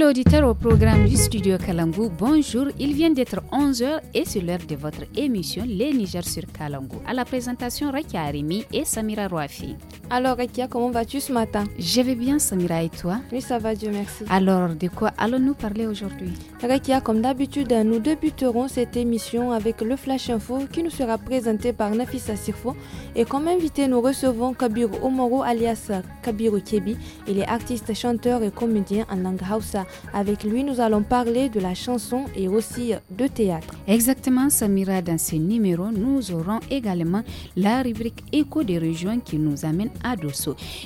L'auditeur au programme du studio Kalangu, bonjour. Il vient d'être 11h et c'est l'heure de votre émission Les Niger sur Kalangu. À la présentation, Rakia Arimi et Samira Rouafi. Alors, Akia, comment vas-tu ce matin Je vais bien, Samira, et toi Oui, ça va, Dieu merci. Alors, de quoi allons-nous parler aujourd'hui Akia, comme d'habitude, nous débuterons cette émission avec le Flash Info qui nous sera présenté par Nafisa Sirfo. Et comme invité, nous recevons Kabir Omoro alias Kabiru Kebi. Il est artiste, chanteur et comédien en langue Hausa. Avec lui, nous allons parler de la chanson et aussi de théâtre. Exactement, Samira, dans ce numéro, nous aurons également la rubrique Écho des régions qui nous amène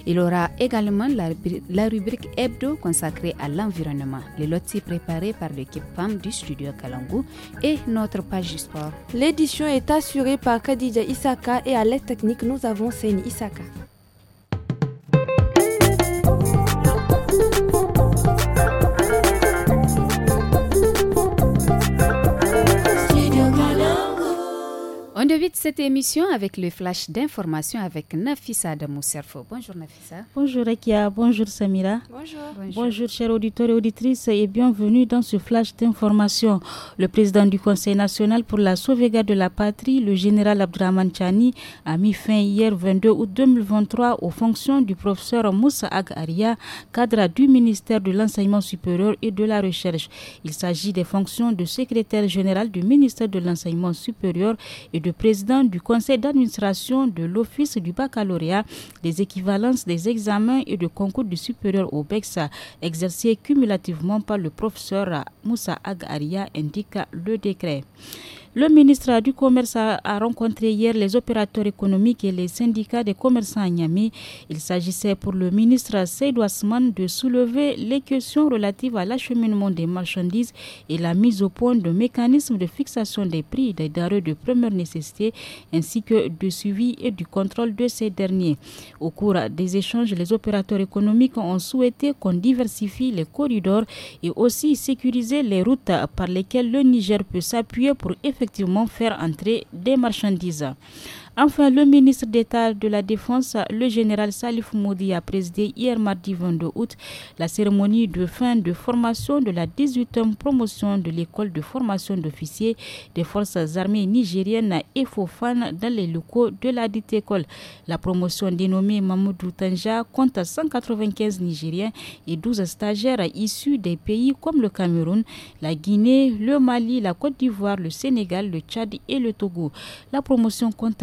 il aura également la, rubrique hebdo consacrée à l'environnement, les lotis préparés par l'équipe femme du studio Kalangu et notre page du sport. L'édition est assurée par Khadija Isaka et à l'aide technique, nous avons Seine Isaka. On débute cette émission avec le flash d'information avec Nafissa de Bonjour Nafissa. Bonjour Akia. bonjour Samira. Bonjour. Bonjour, chers auditeurs et auditrices et bienvenue dans ce flash d'information. Le président du Conseil national pour la sauvegarde de la patrie, le général Abdraman Chani, a mis fin hier 22 août 2023 aux fonctions du professeur Moussa Ag cadre du ministère de l'Enseignement supérieur et de la Recherche. Il s'agit des fonctions de secrétaire général du ministère de l'Enseignement supérieur et de président du conseil d'administration de l'Office du baccalauréat, des équivalences des examens et de concours du supérieur au BEXA exercé cumulativement par le professeur Moussa Agaria, indique le décret. Le ministre du Commerce a, rencontré hier les opérateurs économiques et les syndicats des commerçants à Niamey. Il s'agissait pour le ministre Seydou Asman de soulever les questions relatives à l'acheminement des marchandises et la mise au point de mécanismes de fixation des prix des denrées de première nécessité ainsi que du suivi et du contrôle de ces derniers. Au cours des échanges, les opérateurs économiques ont souhaité qu'on diversifie les corridors et aussi sécuriser les routes par lesquelles le Niger peut s'appuyer pour effectuer effectivement faire entrer des marchandises. Enfin, le ministre d'État de la Défense, le général Salif Moudi, a présidé hier mardi 22 août la cérémonie de fin de formation de la 18e promotion de l'école de formation d'officiers des forces armées nigériennes et Fofan dans les locaux de la dite école. La promotion dénommée Mamoudou Tanja compte 195 Nigériens et 12 stagiaires issus des pays comme le Cameroun, la Guinée, le Mali, la Côte d'Ivoire, le Sénégal, le Tchad et le Togo. La promotion compte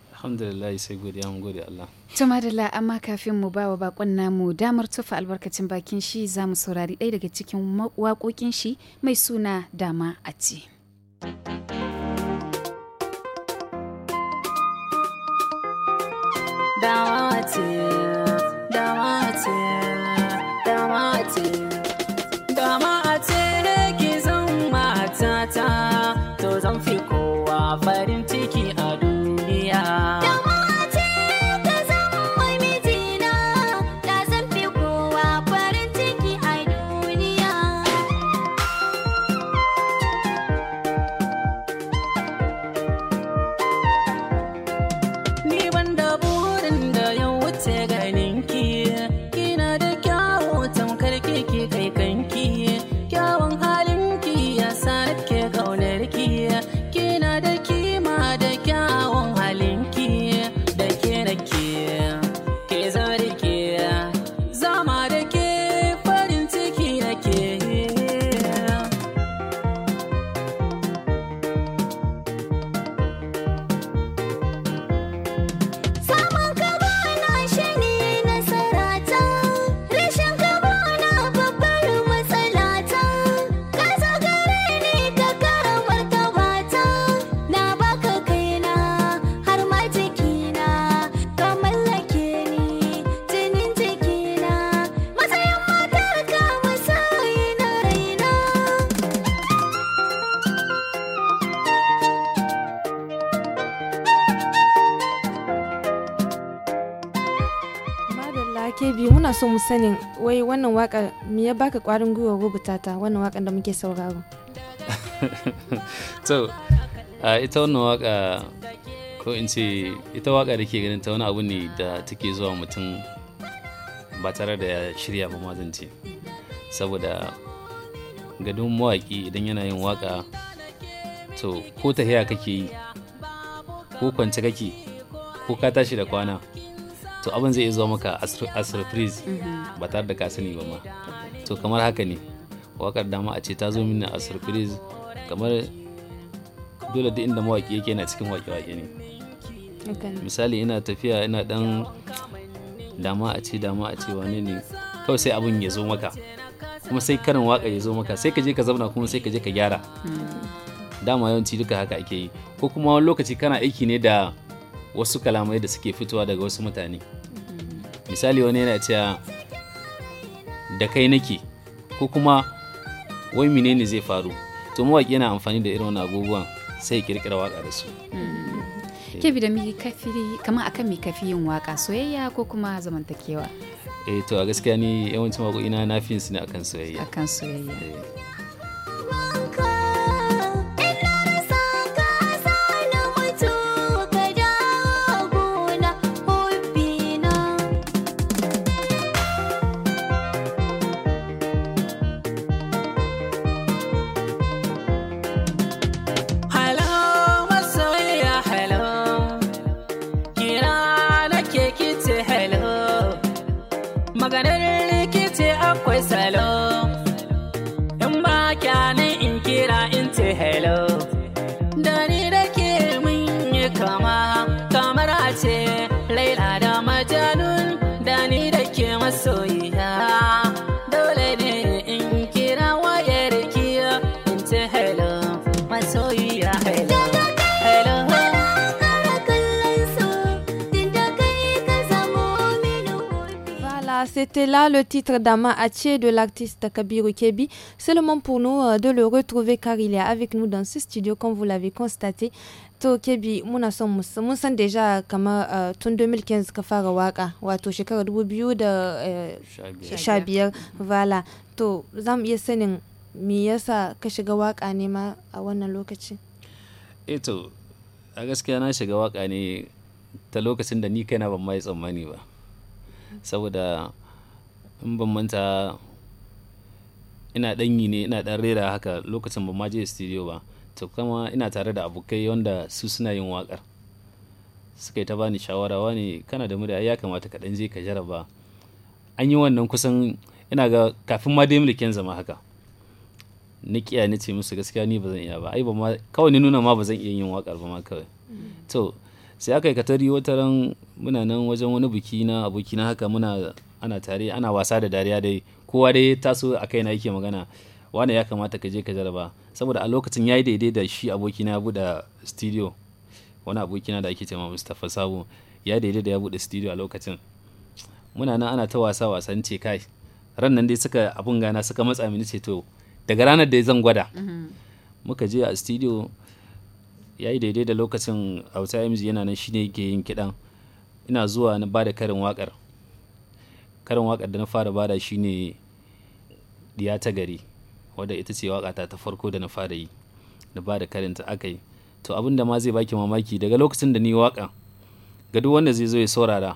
alhamdulillah sai godiya mun gode Allah to madalla amma kafin mu bawa bakon namu damar tufa albarkacin bakin shi za mu saurari ɗaya daga cikin waƙoƙin shi mai suna dama a ci Dawa wannan waka, me ya baka ƙwarin gwiwa rubuta ta wannan wakan da muke sauraro so ita wannan waƙa ko in ce ita waƙa da ke ganin ta wani abu ne da take zuwa mutum ba tare da ya shirya ba ma zance saboda gadon mawaƙi idan yana yin waka to ko tahiya kake yi ko kwance kake ko ka tashi da kwana to abin zai iya zuwa maka a surprise mm-hmm. ba tare da ka sani ba ma to kamar haka ne wakar dama a ce ta zo mini a surprise kamar dole duk inda mawaki yake yana cikin wake-wake ne misali ina tafiya ina dan dama a ce dama a ce wane ne kawai sai abin ya zo maka kuma sai karin waka ya zo maka sai ka je ka zauna kuma sai ka je ka gyara mm. dama yawanci duka haka ake yi ko kuma wani lokaci kana aiki ne da wasu kalamai da suke fitowa daga wasu mutane misali wani yana cewa da kai nake ko kuma wai menene zai faru to mawaƙi yana amfani da irin abubuwan sai kirkira waƙa da su hmm. eh. ke bi da mi kafi kamar akan mi kafi yin waƙa soyayya ko kuma zamantakewa eh to a gaskiya ni yawancin waƙoƙina na fi su ne akan soyayya akan soyayya eh. C'était là le titre d'Ama de l'artiste Kabiru Kebi. C'est le moment pour nous euh, de le retrouver car il est avec nous dans ce studio, comme vous l'avez constaté. To Kebi, mon mun 2015 euh, ka fara waka, wato 2015. Eh, Vala, to sanin yasa ka shiga waka ne a wannan eh a gaskiya na shiga waka ne ta lokacin da ni kaina ban mai tsammani ba. in ban manta ina ɗanyi ne ina ɗan rera haka lokacin ban ma je studio ba to kuma ina tare da abokai wanda su suna yin waƙar suka yi ta bani shawara wani kana da murya ya kamata ka ɗan je ka jaraba an yi wannan kusan ina ga kafin ma dai mulkin zama haka na kiya ni ce musu gaskiya ni ba zan iya ba ai ba ma kawai ni nuna ma ba zan iya yin waƙar ba ma kawai mm. to sai aka yi katari wata ran muna nan wajen wani biki na aboki haka muna ana tare ana wasa da dariya dai kowa dai taso a kai na yake magana wane ya kamata ka je ka jaraba saboda a lokacin yayi daidai da shi abokina ya buɗe studio wani abokina da ake cewa Mustapha Sabo ya daidai da ya buɗe studio a lokacin muna nan ana ta wasa wasan ce kai ran nan dai suka abun gana suka matsa mini ce to daga ranar da zan gwada mm-hmm. muka je a studio ya yi daidai da lokacin Hausa MZ yana nan shine yake yin kiɗan ina zuwa na ba da karin wakar karin waƙar da na fara bada ne diya ta gari wadda ita ce waƙata ta farko da na fara yi da ba da karinta aka yi to abin da ma zai baki mamaki daga lokacin da ni waƙa ga duk wanda zai zo ya saurara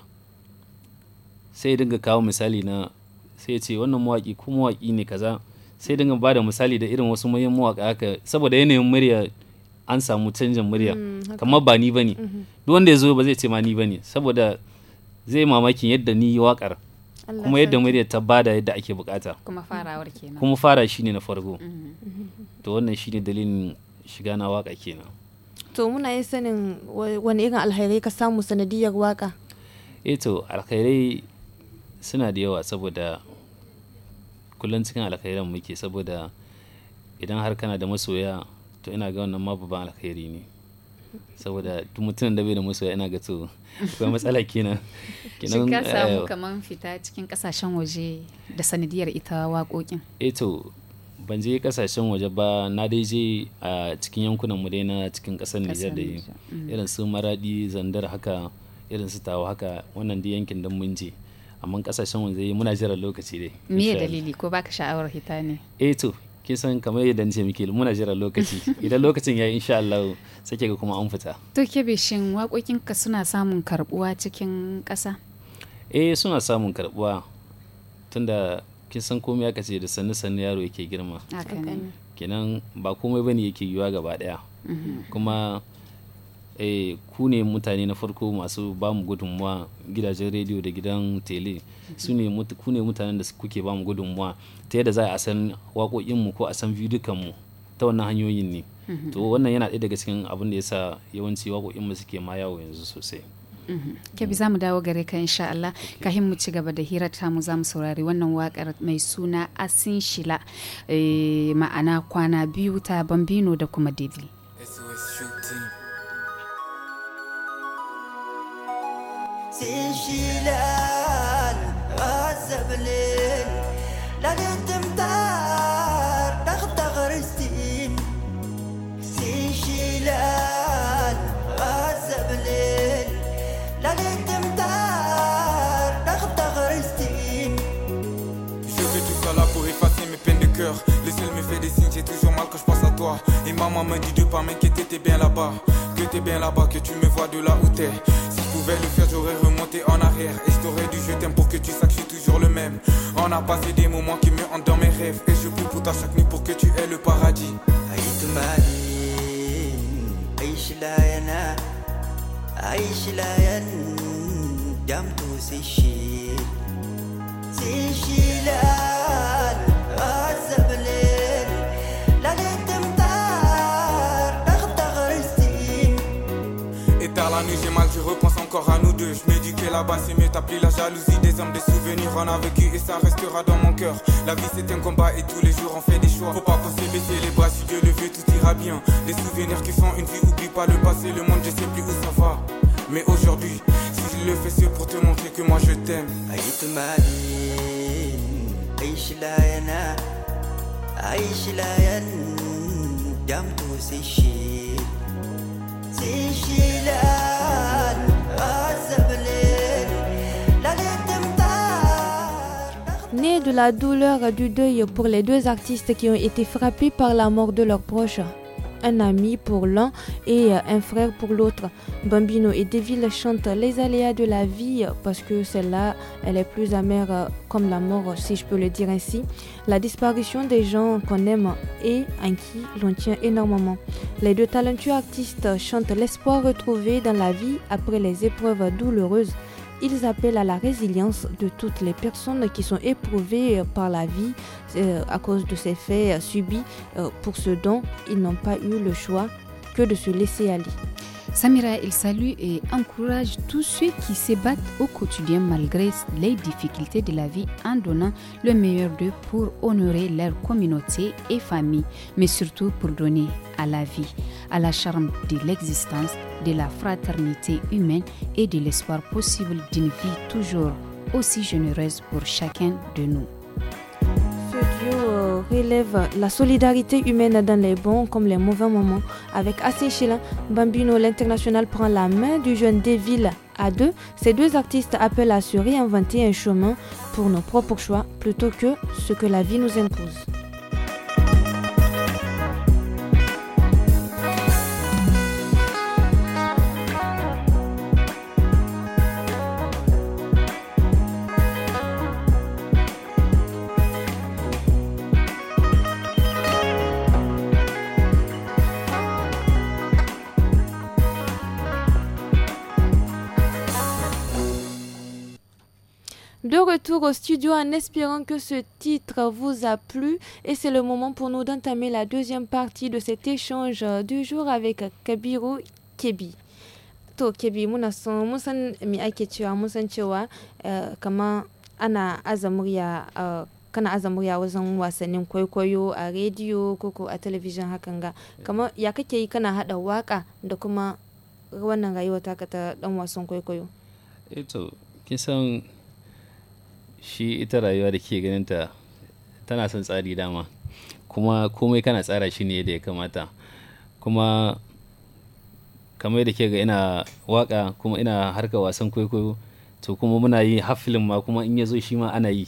sai ya dinga kawo misali na sai ya ce wannan mawaƙi ko mawaƙi ne kaza sai ya dinga ba da misali da irin wasu muhimman mawaƙa haka saboda yanayin murya an samu canjin murya mm, kamar ba ni bane mm-hmm. duk wanda ya zo ba zai ce ma ni bane saboda zai mamakin yadda ni waƙar kuma yadda murya ta bada yadda ake bukata kuma farawar kenan kuma fara shine na farko mm-hmm. to wannan shine dalilin shiga na waka kenan to muna yin sanin wani irin alhairai ka samu sanadiyar waka E eh to alkhairai suna da yawa saboda kullum cikin alkhairan muke saboda idan har kana da masoya to ina ga wannan ma babban alkhairi ne saboda duk da bai da musu ina ga to akwai matsala kenan kenan ka eh, samu kaman fita cikin kasashen waje da sanadiyar ita waƙoƙin eh to ban je kasashen waje ba na dai je a cikin yankunan mu dai na cikin ƙasar Nijar da mm. irin su Maradi Zandar haka irin su Tawa haka wannan dai yankin da mun je amma kasashen waje muna jiran lokaci dai me dalili ko baka sha'awar hita ne eh to kin san kamar yadda nace miki muna jira lokaci idan lokacin yi insha Allah sake ga kuma an fita to ke bishin waƙoƙin ka suna samun karbuwa cikin ƙasa eh suna samun karbuwa tunda kin san komai aka ce da sanne sanne yaro yake girma kenan ba komai bane yake yiwa gaba daya mm-hmm. kuma eh, ku ne mutane na farko masu ba mu gudunmuwa gidajen rediyo da gidan tele su ne ku ne mutanen da kuke ba mu gudunmuwa ta yadda za a san waƙoƙinmu ko a san mu ta wannan hanyoyin ne mhm. to wannan yana ɗaya daga cikin abin da ya sa yawanci waƙoƙinmu suke ma yawo yanzu sosai mhm. kebi za mu dawo gare ka insha Allah kahin mu ci gaba da hirar mu za mu saurari wannan wakar mai suna asin shila eh, ma'ana kwana biyu ta bambino da kuma devil Sin La La Je veux tout ça là pour effacer mes peines de cœur Le ciel me fait des signes C'est toujours mal que je pense à toi Et maman me dit de pas m'inquiéter, t'es bien là-bas Que t'es bien là-bas, que tu me vois de là où t'es le faire, j'aurais remonté en arrière. Et je t'aurais dit je t'aime pour que tu saches que je suis toujours le même. On a passé des moments qui me hantent dans mes rêves. Et je prie pour ta chaque nuit pour que tu aies le paradis. Et dans la nuit j'ai mal, du repos encore à nous deux. Je m'éduquais là-bas, c'est mieux. t'appeler la jalousie des hommes, des souvenirs. On a vécu et ça restera dans mon cœur. La vie c'est un combat et tous les jours on fait des choix. Faut pas penser baisser les bras, si Dieu le veut, tout ira bien. Des souvenirs qui font une vie, oublie pas le passé. Le monde, je sais plus où ça va. Mais aujourd'hui, si je le fais, c'est pour te montrer que moi je t'aime. Yana Né de la douleur du deuil pour les deux artistes qui ont été frappés par la mort de leurs proches. Un ami pour l'un et un frère pour l'autre. Bambino et Deville chantent les aléas de la vie parce que celle-là, elle est plus amère comme la mort, si je peux le dire ainsi. La disparition des gens qu'on aime et en qui l'on tient énormément. Les deux talentueux artistes chantent l'espoir retrouvé dans la vie après les épreuves douloureuses ils appellent à la résilience de toutes les personnes qui sont éprouvées euh, par la vie euh, à cause de ces faits euh, subis. Pour ce dont ils n'ont pas eu le choix que de se laisser aller. Samira, il salue et encourage tous ceux qui se battent au quotidien malgré les difficultés de la vie en donnant le meilleur d'eux pour honorer leur communauté et famille, mais surtout pour donner à la vie, à la charme de l'existence, de la fraternité humaine et de l'espoir possible d'une vie toujours aussi généreuse pour chacun de nous relève la solidarité humaine dans les bons comme les mauvais moments. Avec Chélin, Bambino, l'international prend la main du jeune Deville à deux. Ces deux artistes appellent à se réinventer un chemin pour nos propres choix plutôt que ce que la vie nous impose. retour au studio en espérant que ce titre vous a plu et c'est le moment pour nous d'entamer la deuxième partie de cet échange du jour avec Kabiru Kebi. To Kebi Munason, son mun san mi ake cewa mun san cewa eh, kamar ana azamuriya eh, kana azamuriya wajen wasannin kwaikwayo a à ko a à hakan ga kamar ya kake yi kana hada waka da kuma wannan rayuwa taka ta dan wasan kwaikwayo. Eto, kisan shi ita rayuwa da ke ganin ta tana son tsari dama kuma komai kana tsara shi ne yadda ya kamata kuma kamar da ke ga ina waka kuma ina harka wasan kwaikwayo to kuma muna yi hafilin ma kuma in ya zo shi ma ana yi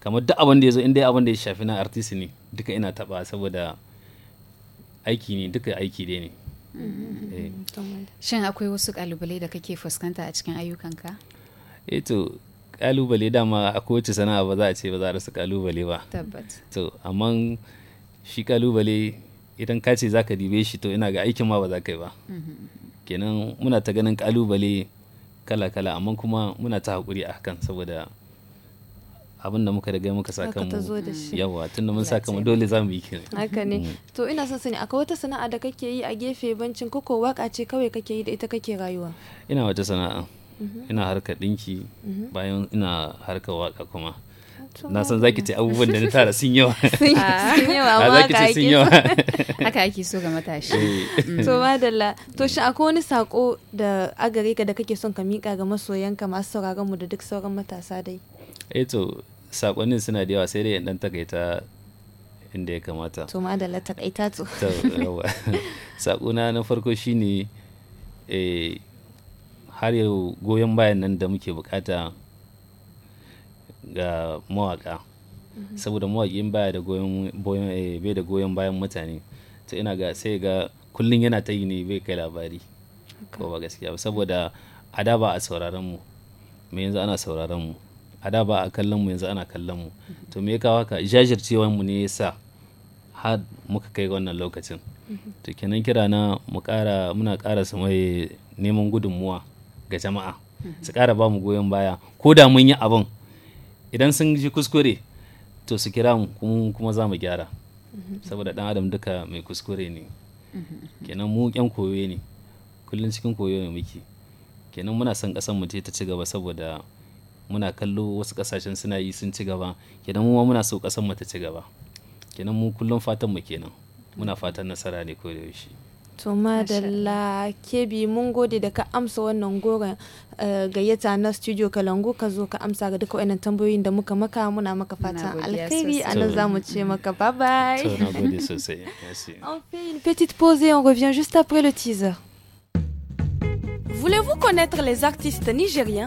kamar duk abin da ya zo in dai abin da ya shafi na artist ne duka ina taba saboda aiki ne duka aiki dai ne mm-hmm. eh. shin akwai wasu kalubale da kake fuskanta a cikin ayyukanka? eto eh kalubale dama a kowace sana'a ba za a ce ba za a rasa kalubale ba to amma shi kalubale idan ka ce za ka dibe shi to ina ga aikin ma ba za ka yi ba mm-hmm. kenan muna ta ganin kalubale kala-kala amma kuma muna ta haƙuri a hakan saboda abin da muka riga muka saka mu yawa tun da mun saka mu dole za mu yi kire haka ne mm. to ina son sani akwai wata sana'a da kake yi a gefe bancin koko waka ce kawai kake yi da ita kake rayuwa ina wata sana'a Mm-hmm. ina harka dinki mm-hmm. bayan ina harka waƙa kuma na san zaki ce abubuwan da na tara sun yawa A ah. yawa amma ka sun yawa haka ake so ga matashi eh. mm. to madalla to shi akwai wani sako da agare ka da kake son ka mika ga masoyanka masu sauraron mu da duk sauran matasa dai eh to sakonin suna da yawa sai dai dan takaita inda ya kamata to madalla takaita to to sakona na farko shine eh har yau goyon bayan nan da muke bukata ga mawaka saboda mawakin baya da goyon eh, bai da goyon bayan mutane ta ina ga sai ga kullum yana ta yi ne bai kai labari ko ba gaskiya saboda a da ba a sauraron mu me yanzu ana sauraron mu a da ba a kallon mu yanzu ana kallon mu to me ya kawo haka jajircewan mu ne yasa har muka kai wannan lokacin to kenan kira na mu muna ƙara su mai neman gudunmuwa ga jama'a su kara ba mu goyon baya ko da mun yi abin idan sun ji kuskure to su kira mu kuma za mu gyara saboda dan adam duka mai kuskure ne kenan mu koyo ne kullum cikin koyo ne muke kenan muna son kasan mu ta ci gaba saboda muna kallo wasu kasashen suna yi sun ci gaba kenan mu ma muna so kasan mu ta ci gaba kenan mu kullum fatan mu kenan muna fatan nasara ne ko da yaushe to madalla kebi mun gode da ka amsa wannan goron eh, gayyata na studio kalangu ka zo ka amsa ga duka wannan tambayoyin da muka maka muna maka fatan alkhairi a nan za mu ce maka bye bye on fait une petite pause et on revient juste après le teaser Voulez-vous connaître les artistes nigériens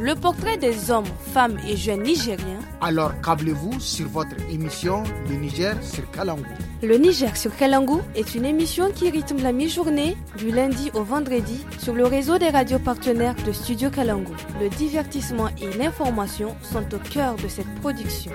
le portrait des hommes, femmes et jeunes nigériens. Alors câblez-vous sur votre émission Le Niger sur Kalangou. Le Niger sur Kalangou est une émission qui rythme la mi-journée du lundi au vendredi sur le réseau des radios partenaires de Studio Kalangou. Le divertissement et l'information sont au cœur de cette production.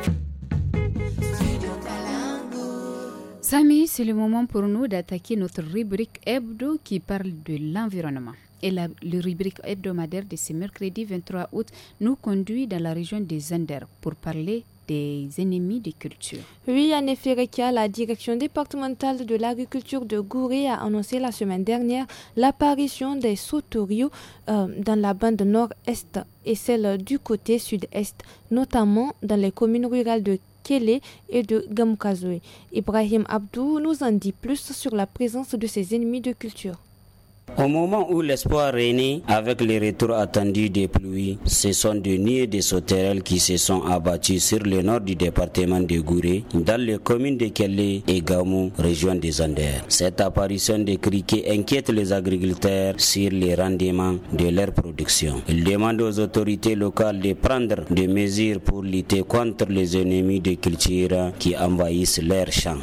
Samy, c'est le moment pour nous d'attaquer notre rubrique hebdo qui parle de l'environnement et la rubrique hebdomadaire de ce mercredi 23 août nous conduit dans la région des Zender pour parler des ennemis des culture. Oui, en effet, la direction départementale de l'agriculture de Gouré a annoncé la semaine dernière l'apparition des sauteriaux euh, dans la bande nord-est et celle du côté sud-est, notamment dans les communes rurales de Kélé et de Gamkazoué. Ibrahim Abdou nous en dit plus sur la présence de ces ennemis de culture. Au moment où l'espoir régnait, avec les retours attendus des pluies, ce sont des nids de sauterelles qui se sont abattus sur le nord du département de Gouré, dans les communes de Kélé et Gamou, région des Andes. Cette apparition de criquets inquiète les agriculteurs sur les rendements de leur production. Ils demandent aux autorités locales de prendre des mesures pour lutter contre les ennemis de culture qui envahissent leurs champs.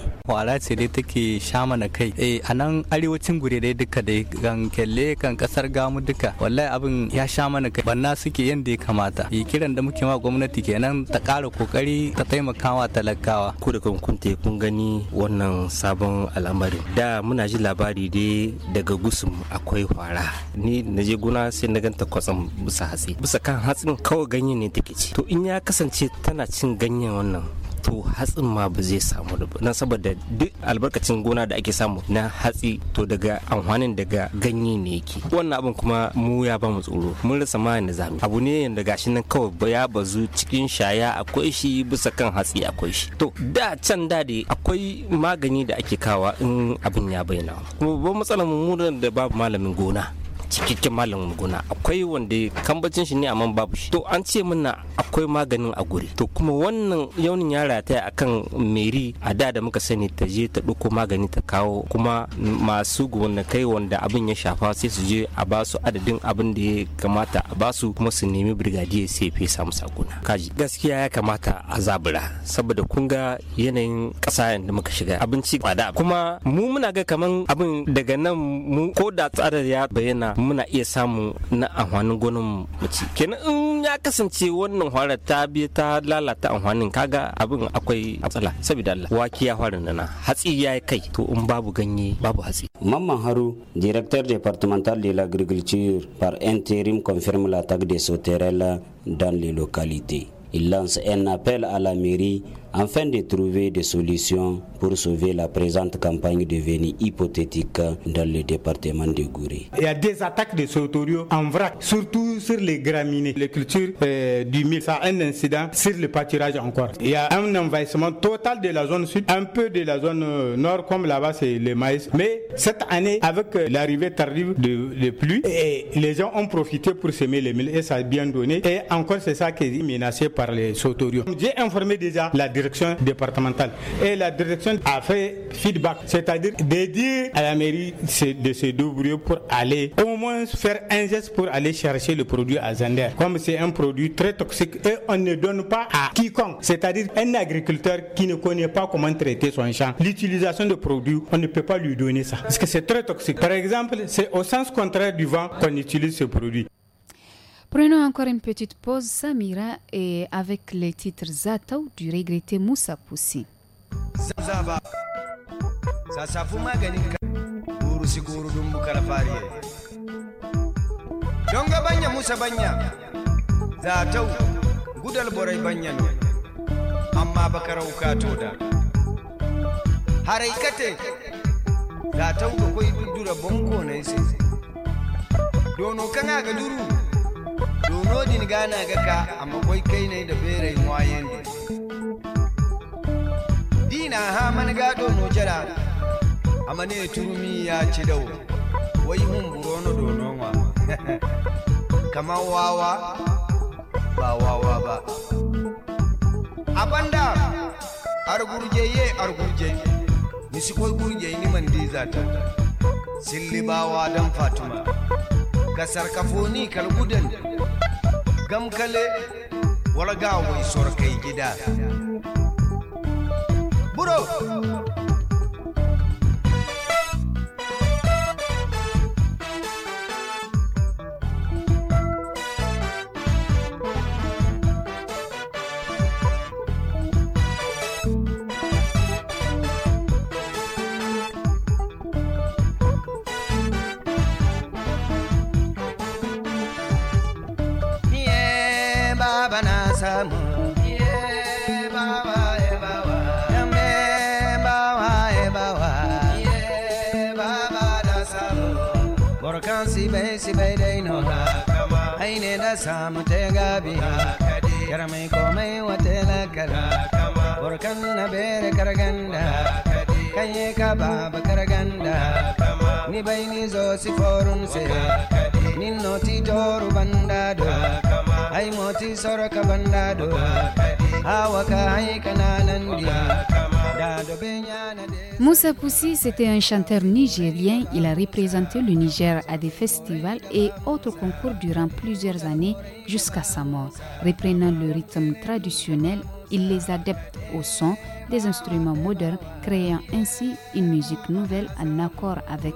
kan kelle kan kasar gamu duka wallahi abin ya sha mana kai banna suke yanda ya kamata yi kiran da muke ma gwamnati kenan ta ƙara kokari ta taimakawa talakawa ku da kun kun gani wannan sabon al'amarin da muna ji labari dai daga gusum akwai fara ni na je gona sai na ganta kwatsam bisa hatsi bisa kan hatsin kawai ganye ne take ci to in ya kasance tana cin ganyen wannan to hatsin ma ba zai samu da na saboda duk albarkacin gona da ake samu na hatsi to daga amfanin daga ganye ne yake wannan abin kuma mu ya ba mu tsoro mun rasa ma na zamu abu ne yanda gashi nan kawai ya bazu cikin shaya akwai shi bisa kan hatsi akwai shi to da can da dai akwai magani da ake kawa in abin ya bayyana kuma babban matsalar mu da babu malamin gona cikakken malamin gona akwai wanda kambacin shi ne amma babu shi to an ce mana akwai maganin a guri to kuma wannan yaunin ya rataya akan meri a da da muka sani ta je ta ɗauko magani ta kawo kuma masu kai wanda abin ya shafa sai su je a su adadin abin da ya kamata a ba su kuma su nemi brigadier sai sa musa gona kaji gaskiya ya kamata a zabura saboda kun ga yanayin ƙasa yadda muka shiga abinci kwada kuma mu muna ga kaman abin daga nan mu ko da tsada ya bayyana muna iya samu na amfanin gonan mu ci kenan in ya kasance wannan hwarar ta bi ta lalata amfanin kaga abin akwai matsala saboda Allah wake ya hwarin nana hatsi ya kai to in babu ganye babu hatsi mamman haru director departmental de l'agriculture par interim confirme la tag des sauterelles dans les localités il lance un appel à la mairie afin de trouver des solutions pour sauver la présente campagne devenue hypothétique dans le département de Gouré. Il y a des attaques de sautoriaux en vrac, surtout sur les graminées, les cultures euh, du mil. Ça un incident sur le pâturage encore. Il y a un envahissement total de la zone sud, un peu de la zone euh, nord, comme là-bas c'est le maïs. Mais cette année, avec euh, l'arrivée tardive de, de pluie, et les gens ont profité pour semer le mil et ça a bien donné. Et encore, c'est ça qui est menacé par les sautoriaux. J'ai informé déjà la direction départementale. Et la direction a fait feedback, c'est-à-dire de à la mairie de deux débrouiller pour aller, au moins faire un geste pour aller chercher le produit à Zander. Comme c'est un produit très toxique et on ne donne pas à quiconque, c'est-à-dire un agriculteur qui ne connaît pas comment traiter son champ. L'utilisation de produits, on ne peut pas lui donner ça, parce que c'est très toxique. Par exemple, c'est au sens contraire du vent qu'on utilise ce produit. Prenons encore une petite pause, Samira, et avec les titres Zatao du regretté Moussa Poussi. jonga banya musa banya zatau gudal borai banyan amma baka rauka to da haraikate zatau ko koi dudura bonko na isi dono kana ga duru Donodin din gana gaka amma kwai kai ne da bere wayen dina ha man gado no jara amma ne turmi ya ci dau wai mun hun burono dono ma kamar wawa ba wawa ba abanda argurje ye argurje misi koi gurje ni man dizata sillibawa dan fatuma kasar kafoni kalgudan gamkale wala gaaway sor kay gida buro ya samu ta gabiya yar mai komai wata lakala burkan na bere karganda kanye ka baba karganda ni bai ni zo si forun se ni noti joru bandado ai moti soroka bandado ka ai kananan dia Moussa Poussi, c'était un chanteur nigérien. Il a représenté le Niger à des festivals et autres concours durant plusieurs années jusqu'à sa mort, reprenant le rythme traditionnel il les adapte au son des instruments modernes, créant ainsi une musique nouvelle en accord avec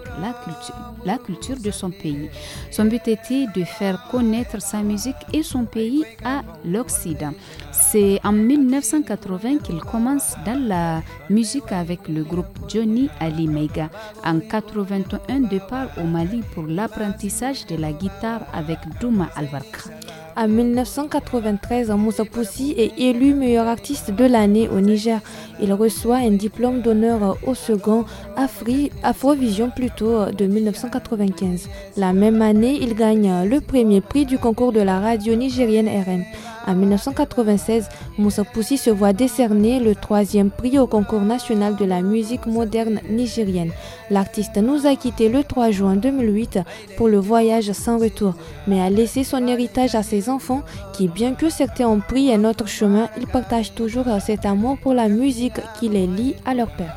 la culture, de son pays. Son but était de faire connaître sa musique et son pays à l'Occident. C'est en 1980 qu'il commence dans la musique avec le groupe Johnny Ali Mega. En 81, départ au Mali pour l'apprentissage de la guitare avec Douma Alvarka. En 1993, Moussa Poussi est élu meilleur artiste de l'année au Niger. Il reçoit un diplôme d'honneur au second Afri, Afrovision plutôt de 1995. La même année, il gagne le premier prix du concours de la radio nigérienne RN. En 1996, Moussa Poussi se voit décerner le troisième prix au concours national de la musique moderne nigérienne. L'artiste nous a quittés le 3 juin 2008 pour le voyage sans retour, mais a laissé son héritage à ses enfants qui, bien que certains ont pris un autre chemin, ils partagent toujours cet amour pour la musique qui les lie à leur père.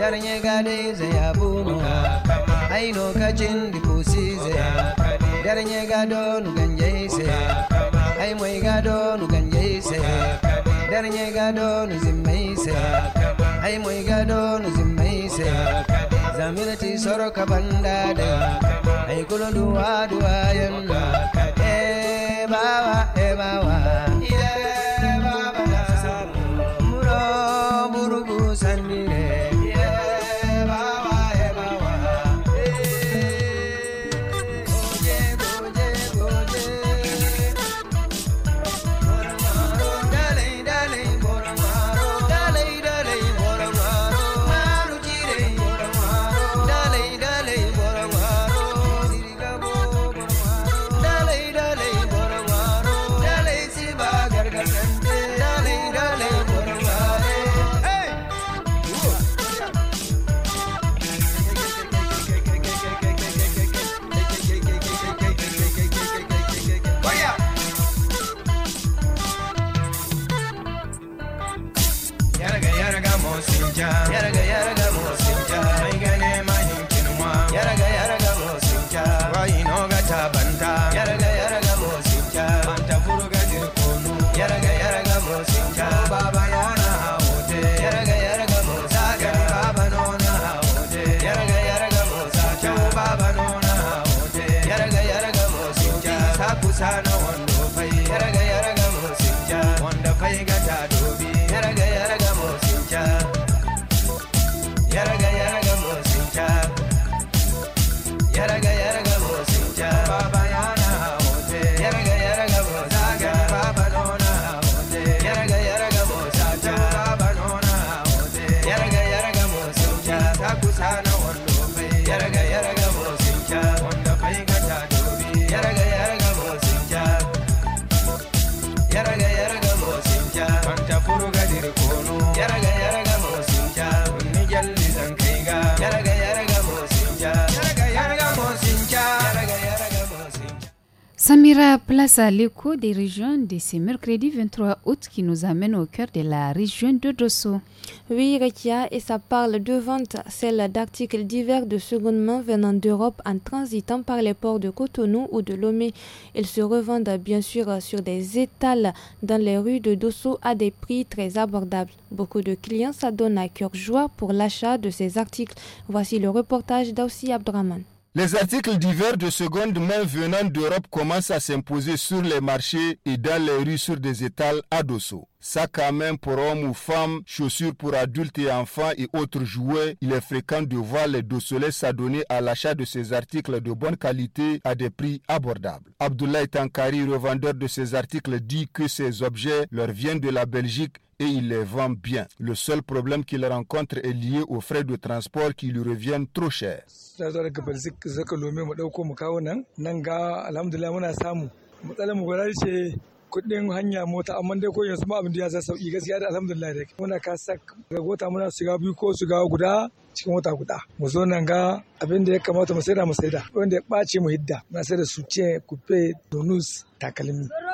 Daren gade zaya bumu Ai no kacin dipusi zaya Daren gado nu ganje zaya Ai mai gado nu ganje zaya gado nu zimmai zaya Ai mai gado nu zimmai zaya Zamirati soro kabanda da Ai kulon duwa duwa yanna Eh bawa eh Yeah. aura place à l'écho des régions de ce mercredi 23 août qui nous amène au cœur de la région de Dosso. Oui, Rekia, et ça parle de vente, celle d'articles divers de seconde main venant d'Europe en transitant par les ports de Cotonou ou de Lomé. Ils se revendent bien sûr sur des étals dans les rues de Dosso à des prix très abordables. Beaucoup de clients s'adonnent à cœur joie pour l'achat de ces articles. Voici le reportage d'Aussi Abdraman. Les articles divers de seconde main venant d'Europe commencent à s'imposer sur les marchés et dans les rues sur des étals à dosso. Sac à main pour hommes ou femmes, chaussures pour adultes et enfants et autres jouets, il est fréquent de voir les dossolets s'adonner à l'achat de ces articles de bonne qualité à des prix abordables. Abdoulaye Tankari, revendeur de ces articles, dit que ces objets leur viennent de la Belgique et il les vend bien. Le seul problème qu'il rencontre est lié aux frais de transport qui lui reviennent trop chers.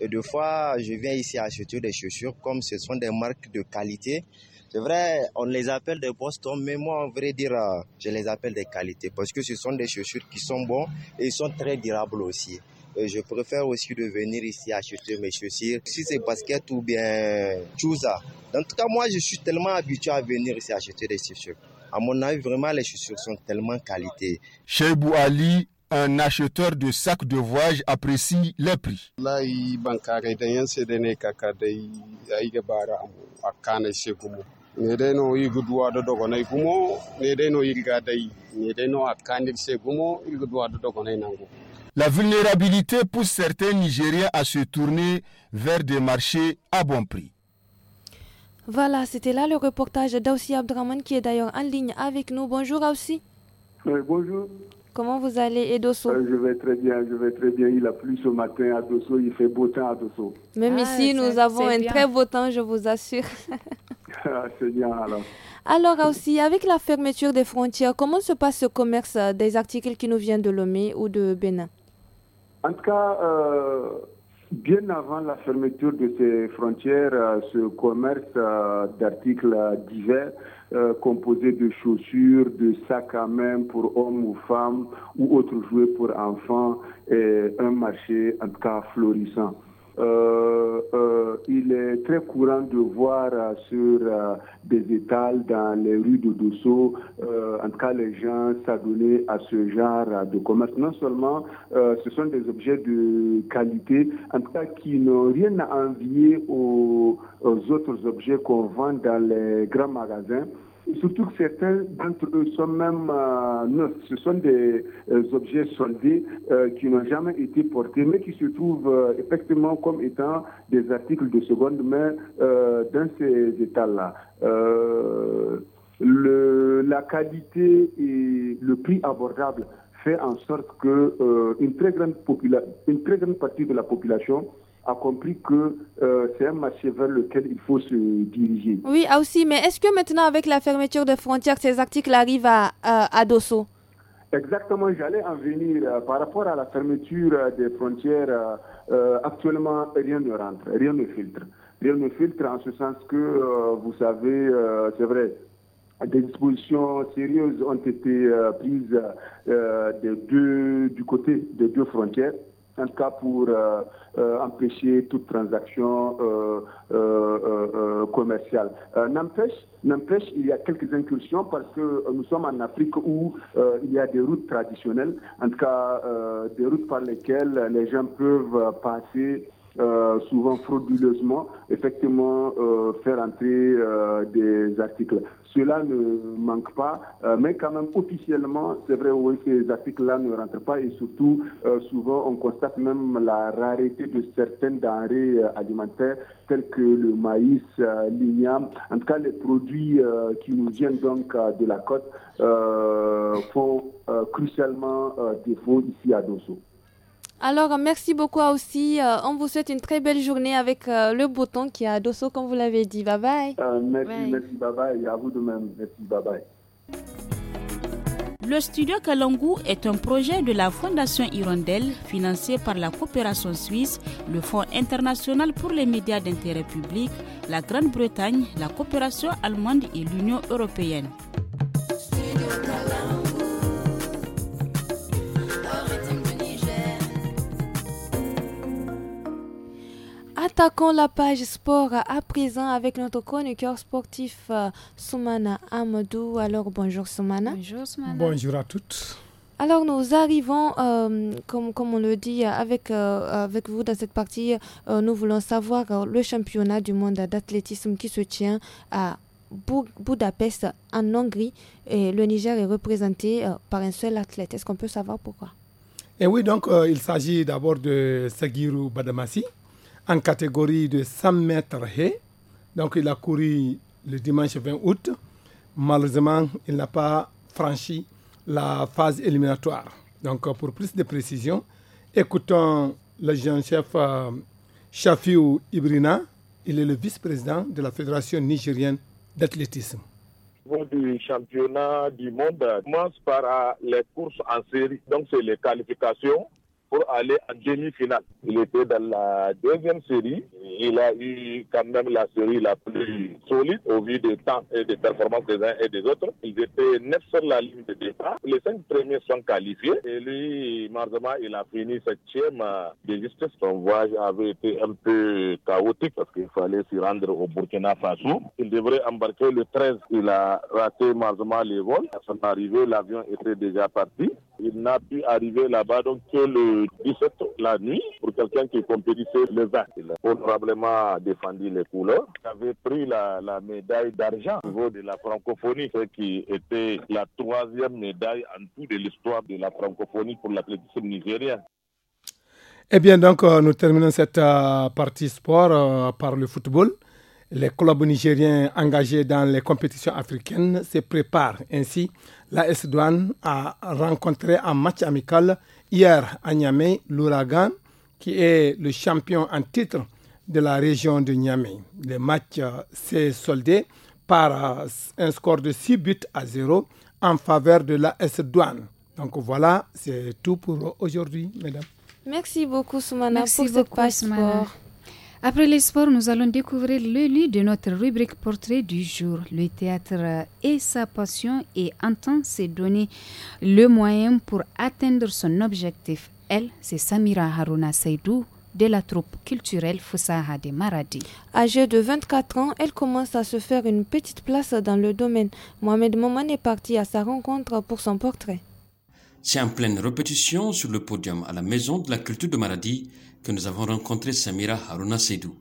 Et deux fois, je viens ici acheter des chaussures comme ce sont des marques de qualité. C'est vrai, on les appelle des Boston, mais moi, en vrai dire, euh, je les appelle des qualités parce que ce sont des chaussures qui sont bonnes et ils sont très durables aussi. je préfère aussi de venir ici acheter mes chaussures, si c'est basket ou bien chusa. En tout cas, moi, je suis tellement habitué à venir ici acheter des chaussures. À mon avis, vraiment, les chaussures sont tellement qualité. Cheibou Ali un acheteur de sacs de voyage apprécie le prix. La vulnérabilité pousse certains Nigériens à se tourner vers des marchés à bon prix. Voilà, c'était là le reportage d'Aussi Abdraman qui est d'ailleurs en ligne avec nous. Bonjour Aussi. bonjour. Comment vous allez, Edosso euh, Je vais très bien, je vais très bien. Il a plu ce matin à Dosso, il fait beau temps à Dosso. Même ah, ici, nous avons un très beau temps, je vous assure. Ah, c'est bien alors. Alors aussi, avec la fermeture des frontières, comment se passe ce commerce euh, des articles qui nous viennent de Lomé ou de Bénin En tout cas, euh, bien avant la fermeture de ces frontières, ce commerce d'articles divers euh, composé de chaussures, de sacs à main pour hommes ou femmes ou autres jouets pour enfants, et un marché en tout cas florissant. Euh, euh, il est très courant de voir euh, sur des étals dans les rues de Dosso, en tout cas les gens s'adonner à ce genre de commerce. Non seulement ce sont des objets de qualité, en tout cas qui n'ont rien à envier aux autres objets qu'on vend dans les grands magasins. Surtout que certains d'entre eux sont même euh, neufs. Ce sont des euh, objets soldés euh, qui n'ont jamais été portés, mais qui se trouvent effectivement comme étant des articles de seconde main dans ces états-là. la qualité et le prix abordable fait en sorte que une très grande partie de la population a compris que euh, c'est un marché vers lequel il faut se diriger. Oui, ah, aussi, mais est-ce que maintenant, avec la fermeture des frontières, ces articles arrivent à, à, Dosso Exactement, j'allais en venir euh, par rapport à la fermeture euh, des frontières. actuellement, rien ne rentre, rien ne filtre. Rien ne filtre en ce sens que, vous savez, c'est vrai, des dispositions sérieuses ont été prises des deux, du côté des deux frontières, en tout cas pour euh, empêcher toute transaction euh, euh, commerciale. n'empêche, il y a quelques incursions parce que nous sommes en Afrique où il y a des routes traditionnelles, en tout cas des routes par lesquelles les gens peuvent passer souvent frauduleusement, effectivement, faire entrer des articles cela ne manque pas, euh, mais quand même officiellement, c'est vrai que ces articles-là ne rentrent pas et surtout, euh, souvent, on constate même la rareté de certaines denrées euh, alimentaires telles que le maïs, l'igname. En tout cas, les produits qui nous viennent donc de la côte font crucialement défaut ici à Dosso. Alors, merci beaucoup aussi. Euh, on vous souhaite une très belle journée avec euh, le bouton qui est à Dosso, comme vous l'avez dit. Bye bye. Euh, merci, merci, bye bye. Et à vous de même. Merci, bye bye. Le studio Kalangu est un projet de la Fondation Hirondelle financé par la coopération suisse, le Fonds international pour les médias d'intérêt public, la Grande-Bretagne, la coopération allemande et l'Union européenne. Attaquons la page sport à présent avec notre chroniqueur sportif euh, Soumana Amadou. Alors bonjour Soumana. Bonjour Soumana. Bonjour à toutes. Alors nous arrivons, euh, comme, comme on le dit, avec, euh, avec vous dans cette partie, nous voulons savoir le championnat du monde d'athlétisme qui se tient à Budapest en Hongrie et le Niger est représenté par un seul athlète. Est-ce qu'on peut savoir pourquoi Et eh oui, donc il s'agit d'abord de Sagiru Badamasi en catégorie de 100 mètres haies. Donc il a couru le dimanche 20 août. Malheureusement, il n'a pas franchi la phase éliminatoire. Donc pour plus de précision, écoutons l'agent-chef euh, Shafiou Ibrina. Il est le vice-président de la Fédération nigérienne d'athlétisme du championnat du monde commence par euh, les courses en série. Donc, c'est les qualifications pour aller en demi-finale. Il était dans la deuxième série. Il a eu quand même la série la plus solide au vu des temps et des performances des uns et des autres. Ils étaient neuf sur la ligne de départ. Les cinq premiers sont qualifiés. Et lui, Marzama, il a fini septième de justice. Son voyage avait été un peu chaotique parce qu'il fallait s'y rendre au Burkina Faso. Il devrait embarquer le 13. Il a raté malheureusement les vols. À son arrivée, l'avion était déjà parti. Il n'a pu arriver là-bas donc que le 17 la nuit pour quelqu'un qui compétissait le 20. Il a probablement défendu les couleurs. Il avait pris la, médaille d'argent au niveau de la francophonie, ce qui était la troisième médaille en tout de l'histoire de la francophonie pour l'athlétisme nigérien. Eh bien, donc, euh, nous terminons cette euh, partie sport euh, par le football. Les clubs nigériens engagés dans les compétitions africaines se préparent ainsi s Douane a rencontré un match amical hier à Niamey l'Ouragan, qui est le champion en titre de la région de Niamey. Le match s'est soldé par euh, un score de 6 buts à 0 en faveur de la Douane. Donc voilà, c'est tout pour aujourd'hui, mesdames. Merci beaucoup, Soumana, pour ce passeport. Après les nous allons découvrir le lieu de notre rubrique portrait du jour. Le théâtre est sa passion et entend se donner le moyen pour atteindre son objectif. Elle, c'est Samira Haruna Seydou de la troupe culturelle Foussaha de Maradi. Âgée de 24 ans, elle commence à se faire une petite place dans le domaine. Mohamed Moman est parti à sa rencontre pour son portrait. C'est en pleine répétition sur le podium à la Maison de la Culture de Maradi nous avons rencontré Samira Haruna Sedou.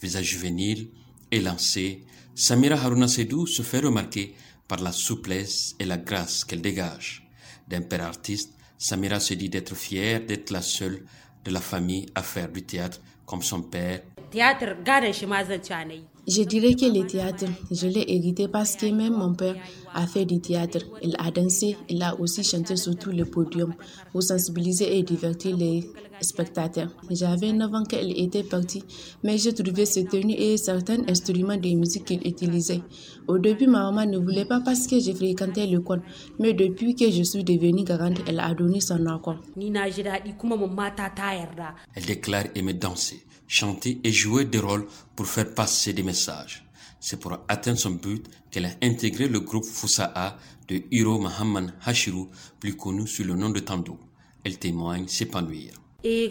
Visage juvénile, élancé, Samira Haruna Sedou se fait remarquer par la souplesse et la grâce qu'elle dégage. D'un père artiste, Samira se dit d'être fière d'être la seule de la famille à faire du théâtre comme son père. Je dirais que le théâtre, je l'ai hérité parce que même mon père a fait du théâtre. Il a dansé, il a aussi chanté sur tous le podium pour sensibiliser et divertir les spectateurs. J'avais 9 ans qu'elle était partie, mais j'ai trouvé ses tenues et certains instruments de musique qu'il utilisait. Au début, ma maman ne voulait pas parce que je fréquentais l'école, mais depuis que je suis devenue garante, elle a donné son accord. Elle déclare aimer danser, chanter et jouer des rôles pour faire passer des messages. C'est pour atteindre son but qu'elle a intégré le groupe Fusa'a de Hiro Mahaman Hashiru, plus connu sous le nom de Tando. Elle témoigne s'épanouir. Eh,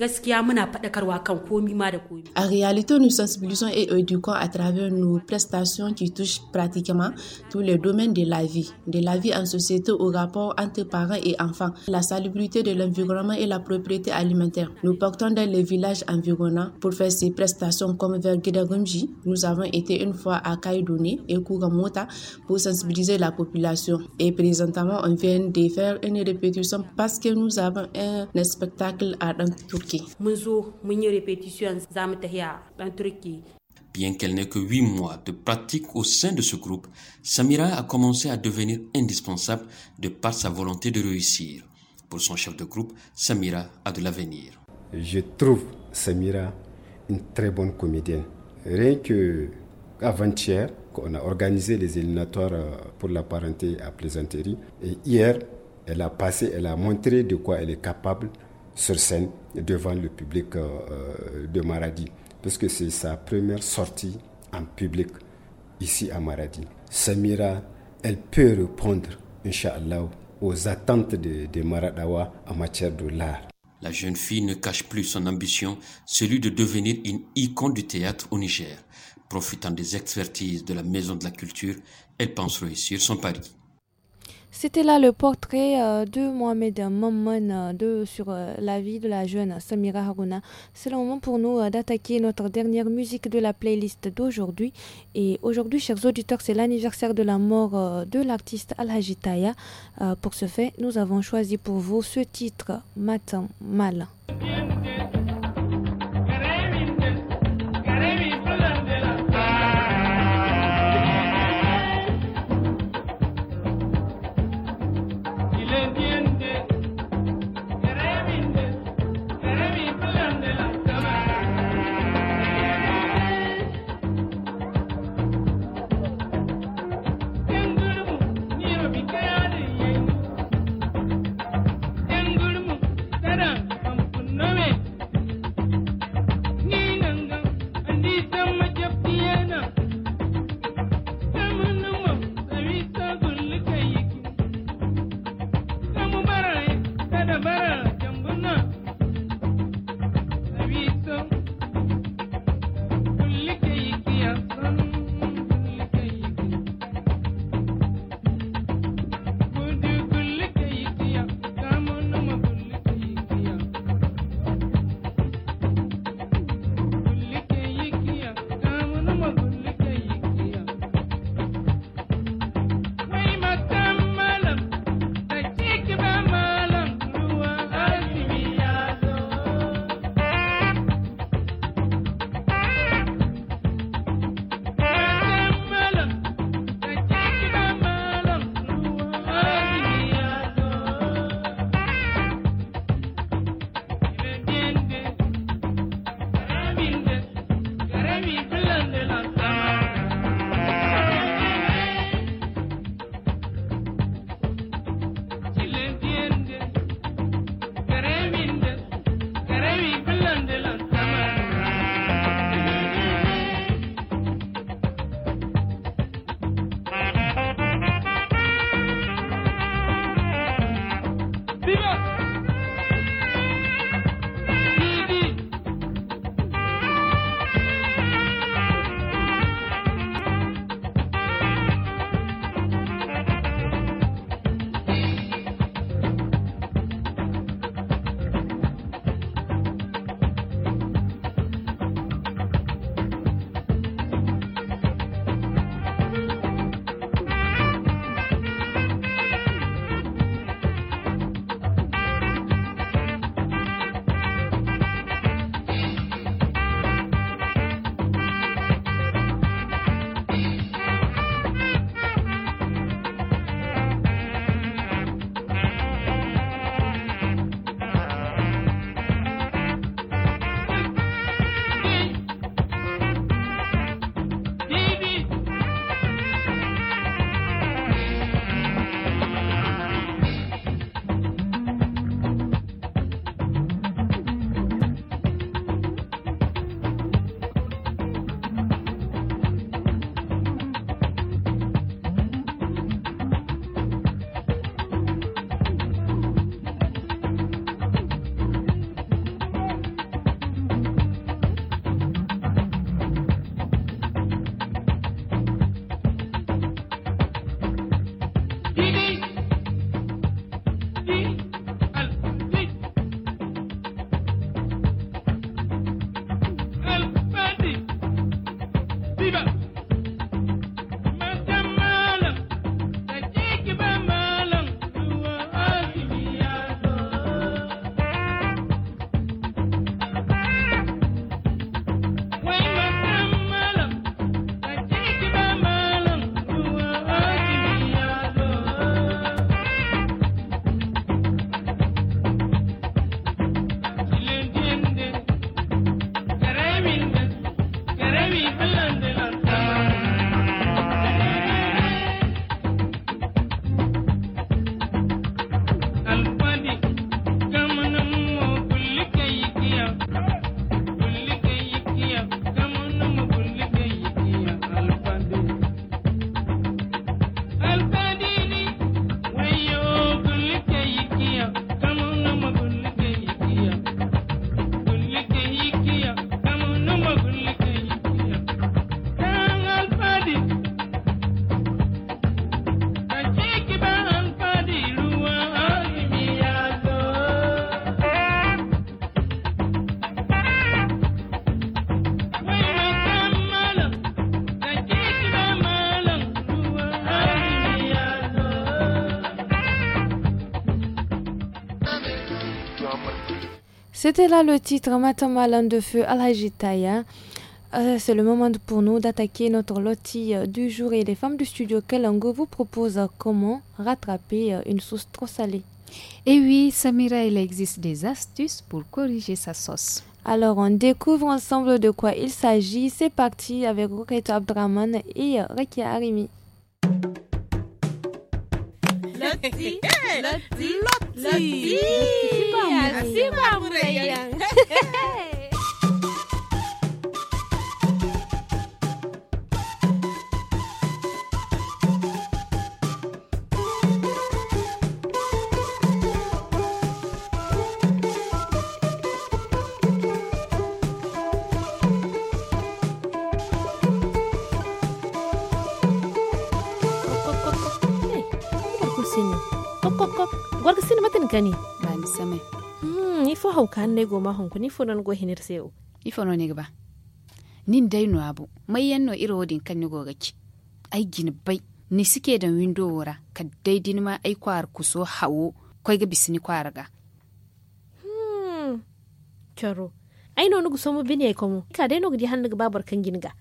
en réalité, nous sensibilisons et éduquons à travers nos prestations qui touchent pratiquement tous les domaines de la vie, de la vie en société au rapport entre parents et enfants, la salubrité de l'environnement et la propriété alimentaire. Nous portons dans les villages environnants pour faire ces prestations comme vers Nous avons été une fois à Kaidone et Kugamota pour sensibiliser la population. Et présentement, on vient de faire une répétition parce que nous avons un spectacle à Bien qu'elle n'ait que 8 mois de pratique au sein de ce groupe, Samira a commencé à devenir indispensable de par sa volonté de réussir. Pour son chef de groupe, Samira a de l'avenir. Je trouve Samira une très bonne comédienne. Rien que avant-hier, on a organisé les éliminatoires euh, pour la parenté à plaisanterie. Et hier, elle a passé, elle a montré de quoi elle est capable sur scène devant le public euh, euh, de Maradi, parce que c'est sa première sortie en public ici à Maradi. Samira, elle peut répondre, Inch'Allah, aux attentes des de Maradawa en matière de l'art. La jeune fille ne cache plus son ambition, celui de devenir une icône du théâtre au Niger. Profitant des expertises de la Maison de la Culture, elle pense réussir son pari. C'était là le portrait euh, de Mohamed Mammon euh, de, sur euh, la vie de la jeune Samira Haruna. C'est le moment pour nous d'attaquer notre dernière musique de la playlist d'aujourd'hui. Et aujourd'hui, chers auditeurs, c'est l'anniversaire de la mort de l'artiste Al-Hajitaya. pour ce fait, nous avons choisi pour vous ce titre, Matin Mal. C'était là le titre Matamalan de feu Alhajitaya. Hein. Euh, C'est le moment pour nous d'attaquer notre loti euh, du jour et les femmes du studio Kelango vous proposent euh, comment rattraper euh, une sauce trop salée. Et eh oui, Samira, il existe des astuces pour corriger sa sauce. Alors, on découvre ensemble de quoi il s'agit. C'est parti avec Roketo Abdraman et Rekia Arimi si Loti. Loti. tani mani same hmm ifo haukan ne goma honku ni fonon go hinir o ifo no ne ba nin dai no abu mai yanno iro wodin kan ni gogaki ai gin bai ni sike da window wora ka dai din ma ai kwar so hawo kai ga bisini kwar ga hmm charo ai no nugu somo bine ko mu ka dai no gidi hannu ga babar kan ginga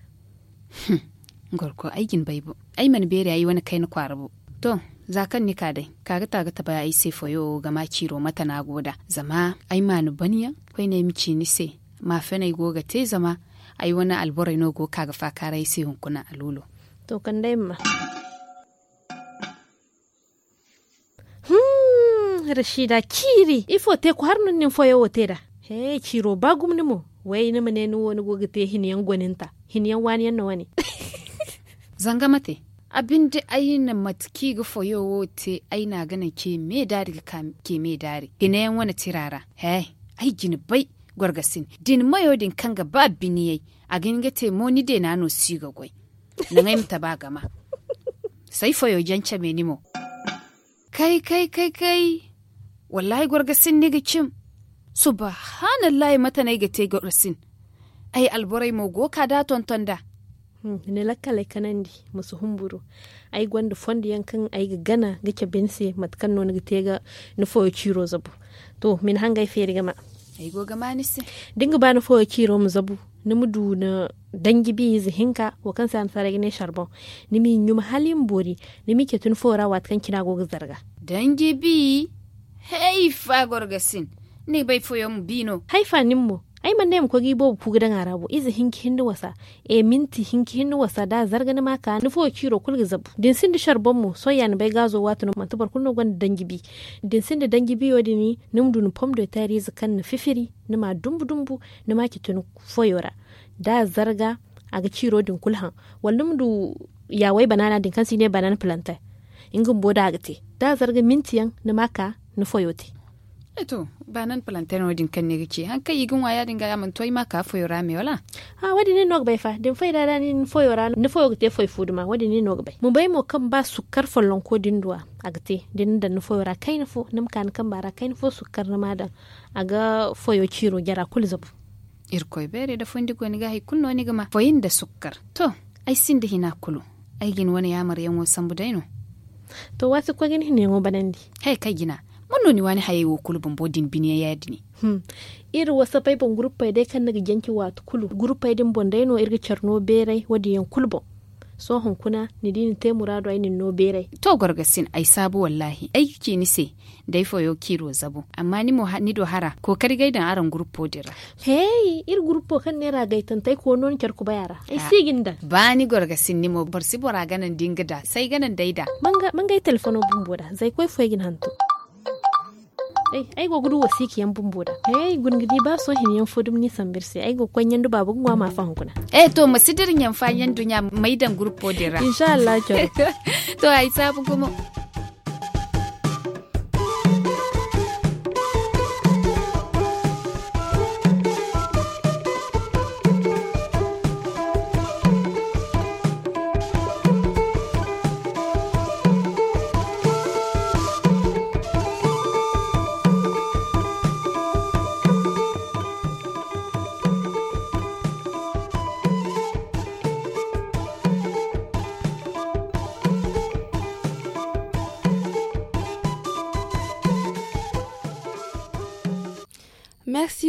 gorko ai gin bai bu ai man bere ai wani kai ni kwar bu to za zakan nika dai kaga taga ta baya ise ga ma kiro mata nagoda zama ai ma nu baniya kai ne mici ni se ma fenai goga te zama ai wani alborai no go kaga fa kara ise hunkuna alolo. to kan dai ma hmm, rashida kiri ifo te ko har nun nin wote da he kiro ba gumni mo wai ni mene ni wani goga te hiniyan gwaninta hiniyan wani yan wani. zanga mate abin da aina matki ga foyowo te aina gana ke me dari ke me dari yan wani tirara he ai gini bai gwargasin din mayo din kanga ba biniyai a gini ga te moni de na no si ga gwai na ngai mta ba gama sai foyo jancha me nimo kai kai kai kai wallahi gwargasin ni ga cim subhanallahi mata na ga te gwargasin ai alborai mo goka da tontonda Hmm, ne lakkale kanandi musu humburu ai gwanda fondi yankan ai gana gake bense matkan no ga tega no foyo chiro zabu to min hanga feri gama ai go gama se dinga bana foyo chiro mu zabu ni mudu na dangi bi zihinka wa kan san saragine sharbon mi nyuma halin bori ni mi ke tun fora wat kan kina go zarga dangi bi hey fa gorgasin ni bai foyo mu bino haifa nimmo ai man ne ko gibo ku gidan arabu izi hinki hindu wasa e minti hinki hindu wasa da zargani maka nufo kiro kulga zabu din sin di sharbon mu so yan bai gazo watu man tubar kunno gwan dangibi din sin di dangibi yodi ni numdu nu de tari zakan na fifiri nima dumbu dumbu nima kitun foyora da zarga aga kiro din kulhan wallum du wai banana din kansi ne banana plantain ingin boda agate da zarga mintiyan na maka na foyote eto banan plantain wadin kan ne gici han kai igin waya dinga ya mantoy ma ka foyo rame wala ha ah, wadi ne nog bai fa din foyo dada ni foyo ran ni foyo te foyo ma wadi ne nog bai mu bai mo kan ba sukar fallon ko din duwa gite, din da ni foyo ra kai ni fo nim kan kan bara kai ni fo sukar na madan aga foyo ciro jara kul zabu irkoy bere da fundi ko ni ga hay kunno ni gama foyin da sukkar to ai sin da hina kulu ai gin wani yamar yan wasan budaino to wasu ko gin ne mo banandi hey kai gina wannan ni wani haye wo kulu bodin bini ya yadi ne. Hmm. iri wasa bai bon dai kan naga yanki watu kulu gurfai din bon dai no irga charno berai wadi yan kulbo so hankuna ni dini te murado ai no berai to gorgasin ai sabu wallahi aiki ni se dai foyo kiro zabo amma ni ni do hara ko kari gaidan aran grupo dira hey ir grupo kan ne gaitan tantai ko non kyar ku bayara ai sigin da ba ni gorgasin ni mo barsi bora ganan dingida sai ganan daida manga manga telefono bumbura zai koi foyin hantu ai go gudu wasi ki yambun boda ai gun gidi ba so hin yan fodum ni sambir sai ai go kwan yandu babu gwa ma fa kuna eh to masidirin yan fa yandu nya maidan grupo dira insha Allah to ai sabu kuma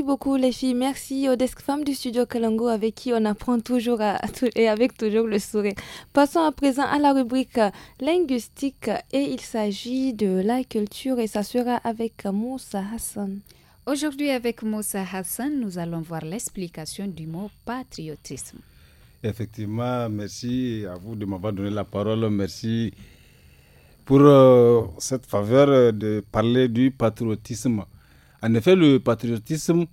beaucoup les filles. Merci aux desk femmes du studio Kalango avec qui on apprend toujours à, et avec toujours le sourire. Passons à présent à la rubrique linguistique et il s'agit de la culture et ça sera avec Moussa Hassan. Aujourd'hui avec Moussa Hassan, nous allons voir l'explication du mot patriotisme. Effectivement, merci à vous de m'avoir donné la parole. Merci pour euh, cette faveur de parler du patriotisme. En effet, le patriotisme,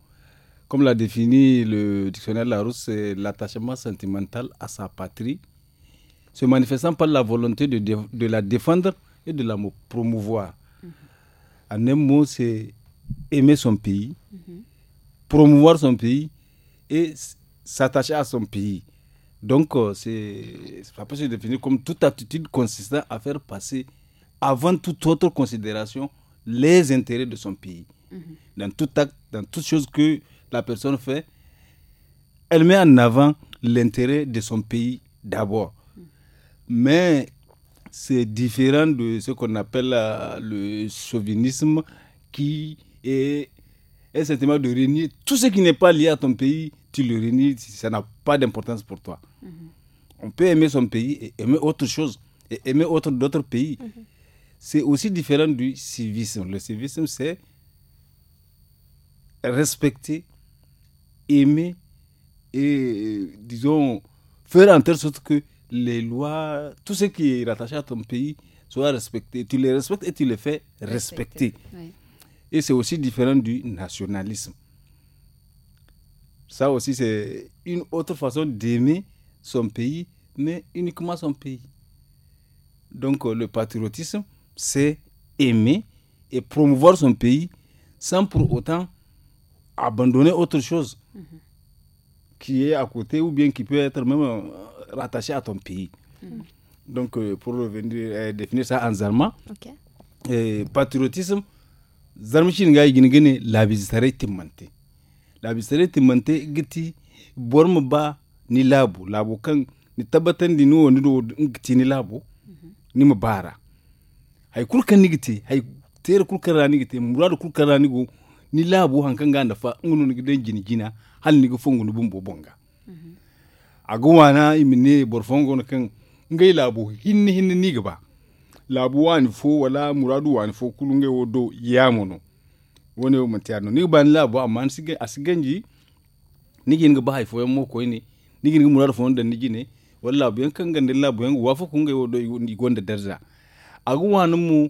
comme l'a défini le dictionnaire Larousse, c'est l'attachement sentimental à sa patrie, se manifestant par la volonté de, la défendre et de la promouvoir. Un mm-hmm. En un mot, c'est aimer son pays, mm-hmm. promouvoir son pays et s'attacher à son pays. Donc, ça peut se définir comme toute attitude consistant à faire passer avant toute autre considération les intérêts de son pays. Mm-hmm. Dans dans toute chose que la personne fait, elle met en avant l'intérêt de son pays d'abord. Mais c'est différent de ce qu'on appelle euh, le chauvinisme qui est un sentiment de réunir Tout ce qui n'est pas lié à ton pays, tu le si ça n'a pas d'importance pour toi. Mhm. On peut aimer son pays et aimer autre chose, et aimer d'autres pays. Mhm. C'est aussi différent du civisme. Le civisme, c'est respecter aimer et, euh, disons, faire en sorte que les lois, tout ce qui est rattaché à ton pays, soit respecté. Tu les respectes et tu les fais respecter. Et c'est aussi différent du nationalisme. Ça aussi, c'est une autre façon d'aimer son pays, mais uniquement son pays. Donc euh, le patriotisme, c'est aimer et promouvoir son pays sans pour autant abandonner autre chose mm -hmm. qui est à côté ou bien qui peut être même euh, rattaché à ton pays. Mm -hmm. Donc, euh, pour revenir, euh, définir ça en zarma, okay. et euh, patriotisme, zarmishin ga gine la bizarre timante. La bizarre timante giti bormba ba ni labu, labu kan ni tabatan di nuwa ni do ngiti ni labu, mm-hmm. ni mabara. Hay kulkan nigiti, hay tere kulkan ranigiti, muradu kulkan ranigu, ni laabu hankanga ndafa ngunu den jini jina hal ni gufo ngunu bumbo bonga mm -hmm. aguwana imine borfongo na kan ngai laabu hinni hinni ni gaba laabu wani fo wala muradu wani fo kulu ngai wodo yamono woni o mantiyano ni ban laabu amma sige asigenji ni gin gaba hay fo yammo ko ni ni gin muradu fo den ni jine wala laabu yan kan gande laabu yan wa fo ko ngai wodo gonda darza aguwana mu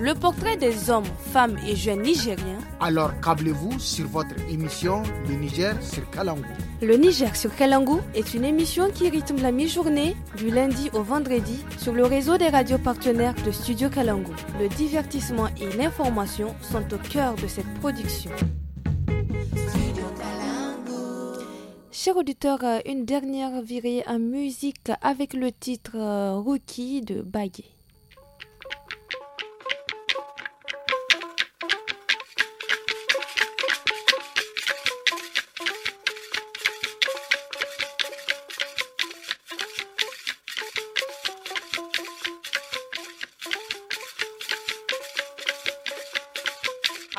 le portrait des hommes, femmes et jeunes nigériens. Alors câblez-vous sur votre émission Le Niger sur Kalangou. Le Niger sur Kalangou est une émission qui rythme la mi-journée du lundi au vendredi sur le réseau des radios partenaires de Studio Kalangou. Le divertissement et l'information sont au cœur de cette production. Chers auditeurs, euh, une dernière virée en musique avec le titre euh, Rookie de Baguet.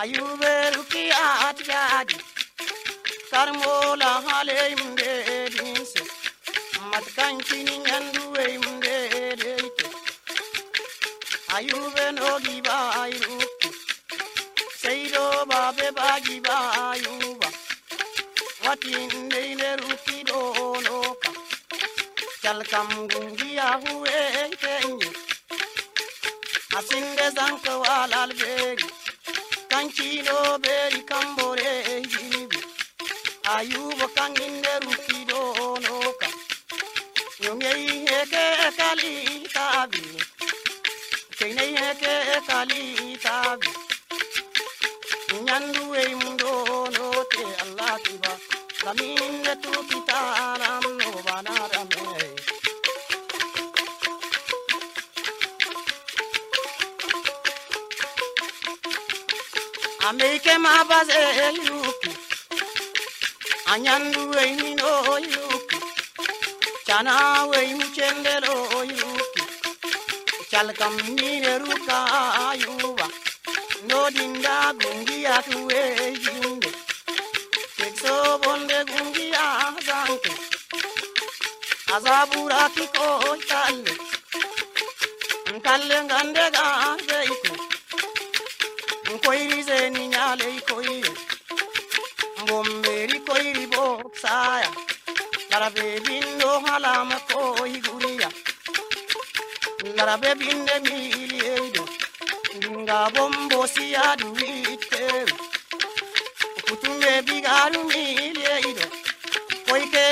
ayuberukiat jadi karmola haley mde dinse matkan chini nyanduwe mde deite ayube giba ayruki seido babe bagi ba ayuba watin neine ruki donoka chalkam gungia huwe kenye asinde zanko alal kancino beri kambore hinibi ayubo kanginde rukido noka nyongei heke kali tabi keinei heke kali tabi nyandu ei mundo note allah kiba laminde tu kitaram no banaram ameke mabaze yuku anyandu weimino yuku chana weimu chendelo yuku chalkam nineruka yuwa nodinda gungiya tuwe jinde tekso bonde gungiya azante, azabura kiko talle ntalle ngande gandeiko koyri seni nyale koyre gommeri koyri bo saya larabe bindo halama koyi guriya larabe binde miiliyeydo dinga bombo siyadu witteru kutumbe bigaru miiliyeydo koyke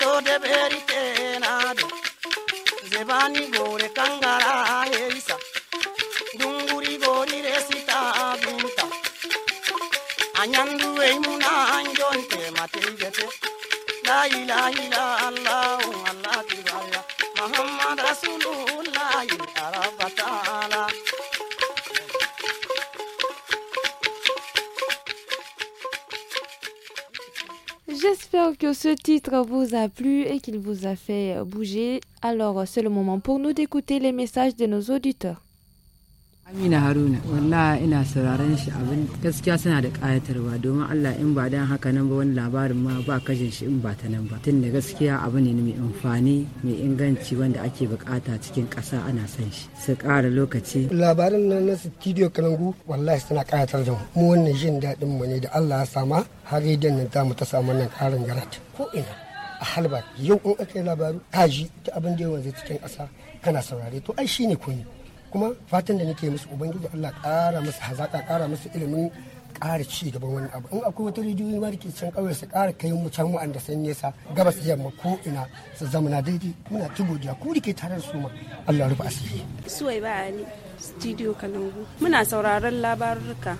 to deɓeri tenado zebani gore kangara J'espère que ce titre vous a plu et qu'il vous a fait bouger. Alors, c'est le moment pour nous d'écouter les messages de nos auditeurs. Amina Haruna wallahi ina sauraron shi abin gaskiya suna da kayatarwa domin Allah in ba dan haka nan ba wani labarin ma ba kajin shi in ba ta nan ba tunda gaskiya abu ne mai amfani mai inganci wanda ake bukata cikin ƙasa ana son shi su ƙara lokaci labarin nan na studio Kalangu wallahi suna kayatar da mu wannan jin daɗin mu ne da Allah ya sama har idan nan ta mu ta samu nan ƙarin garat ko ina a halba yau in aka yi labaru kaji ta abin da yawan zai cikin ƙasa kana saurare to ai shine komi kuma fatan da nake musu ubangiji Allah kara musu hazaka kara musu ilimin ƙara ci gaba wani abu in akwai wata rijiyoyi ma da ke can ƙauye su ƙara kai mu can wa'anda sun nesa gabas yamma ko ina su zama na daidai muna ci godiya ku da tare da su ma Allah rufe asiri. Suwai ba Ali studio Kalangu muna sauraron labarurruka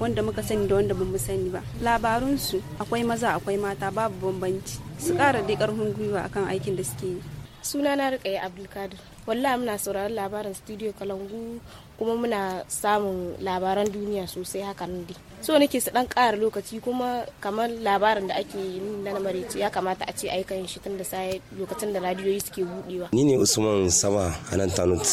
wanda muka sani da wanda bamu sani ba labarunsu akwai maza akwai mata babu bambanci su ƙara dai ƙarfin gwiwa akan aikin da suke yi. Sunana rikaye Abdulkadir. wallahi muna sauraron labarin studio kalangu kuma muna samun labaran duniya sosai hakan dai so nake su dan ƙara lokaci kuma kamar labarin da ake yi na namarici ya kamata a ce a yi shi tun da sai lokacin da radiyoyi suke buɗewa. ni ne usman sama a nan tanut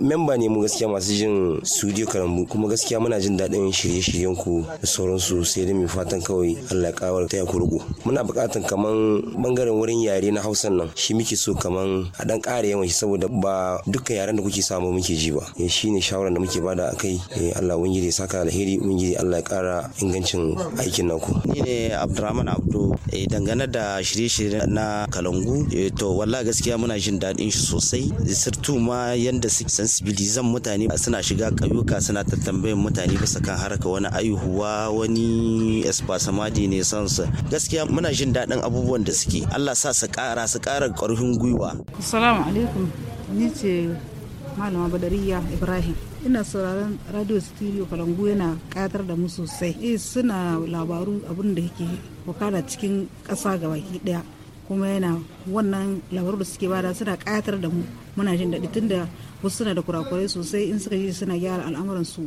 memba ne mu gaskiya masu jin studio karambu kuma gaskiya muna jin daɗin shirye-shiryen ku da sauransu sai dai mai fatan kawai allah kawar ta ku muna buƙatan kaman bangaren wurin yare na hausan nan shi muke so kaman a dan ƙara yawan shi saboda ba dukkan yaren da kuke samu muke ji ba eh, shi ne shawarar da muke bada a kai eh, allah wani ya saka alheri wangiji allah ya kara ingancin aikin naku. Ni ne Abdurrahman Abdu eh, dangane da shirye-shirye na Kalangu eh, to wallahi gaskiya muna jin daɗin shi sosai sirtu ma yanda su sensibilizan mutane suna shiga ƙauyuka suna tattambayin mutane bisa kan harka wani aihuwa wani espasamadi ne su. gaskiya muna jin daɗin abubuwan da suke Allah sa su ƙara su ƙara ƙarfin gwiwa. Assalamu alaikum ni ce malama Badariya Ibrahim. ina sauraron radio studio kalangu yana katar da mu sosai eh suna labaru abin da yake wakana cikin ƙasa ga baki daya kuma yana wannan labaru da suke bada suna katar da mu muna jin daɗi tunda wasu suna da kurakurai sosai in suka ji suna gyara al'amuran su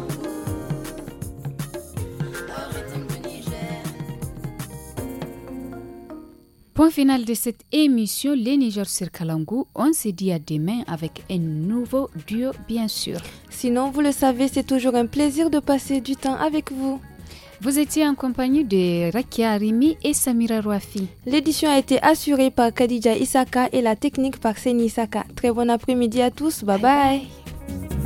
Point final de cette émission, les Niger sur Kalangu. On se dit à demain avec un nouveau duo, bien sûr. Sinon, vous le savez, c'est toujours un plaisir de passer du temps avec vous. Vous étiez en compagnie de Rakia Rimi et Samira Rouafi. L'édition a été assurée par Khadija Isaka et la technique par Seni Isaka. Très bon après-midi à tous. bye. bye.